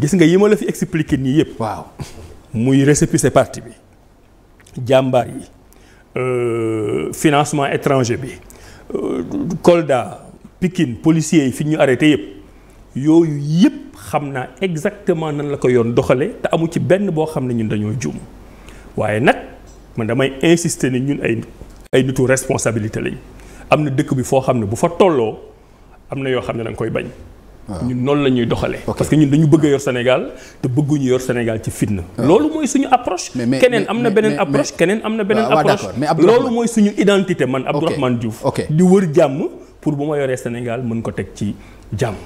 gis nga yi ma la fi expliquer nii yëpp. waaw muy récépissé parti bi jàmbaar yi euh, financement étranger bi euh, Kolda Pikine policiers yi fi ñu arrêté yëpp yooyu yëpp xam naa exactement nan la ko yoon doxale te amu ci benn boo xam ne ñun dañoo juum waaye nag man damay insister ni ñun ay ay nitu responsabilité lañ am na dëkk bi foo xam ne bu fa tolloo am na yoo xam ne da koy bañ. Ah. ñun noonu la ñuy doxalee. parce que ñun dañu bëgg a yor Sénégal te bëgguñu yor Sénégal ci fitna. Ah. loolu mooy suñu approche. keneen am na beneen ah, approche keneen am na beneen approche. loolu mooy suñu identité man Abdourahmane Diouf. di wër jàmm pour bu ma yoree Sénégal mën ko teg ci jàmm.